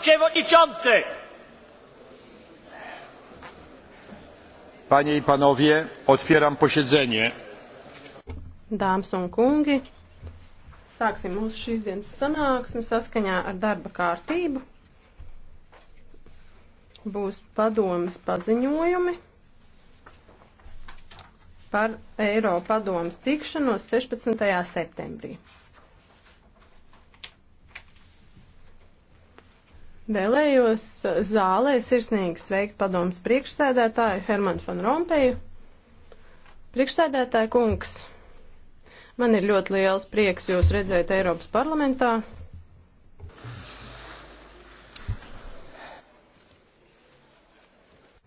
przewodniczący! Panie i panowie, otwieram posiedzenie. Dāmas un kungi, sāksim mūsu šīs dienas sanāksmi saskaņā ar darba kārtību. Būs padomas paziņojumi par Eiropadomas tikšanos 16. septembrī. Vēlējos uh, zālē sirsnīgi sveikt padomus priekšsēdētāju Hermanu Fan Rompeju. Priekšsēdētāja kungs, man ir ļoti liels prieks jūs redzēt Eiropas parlamentā.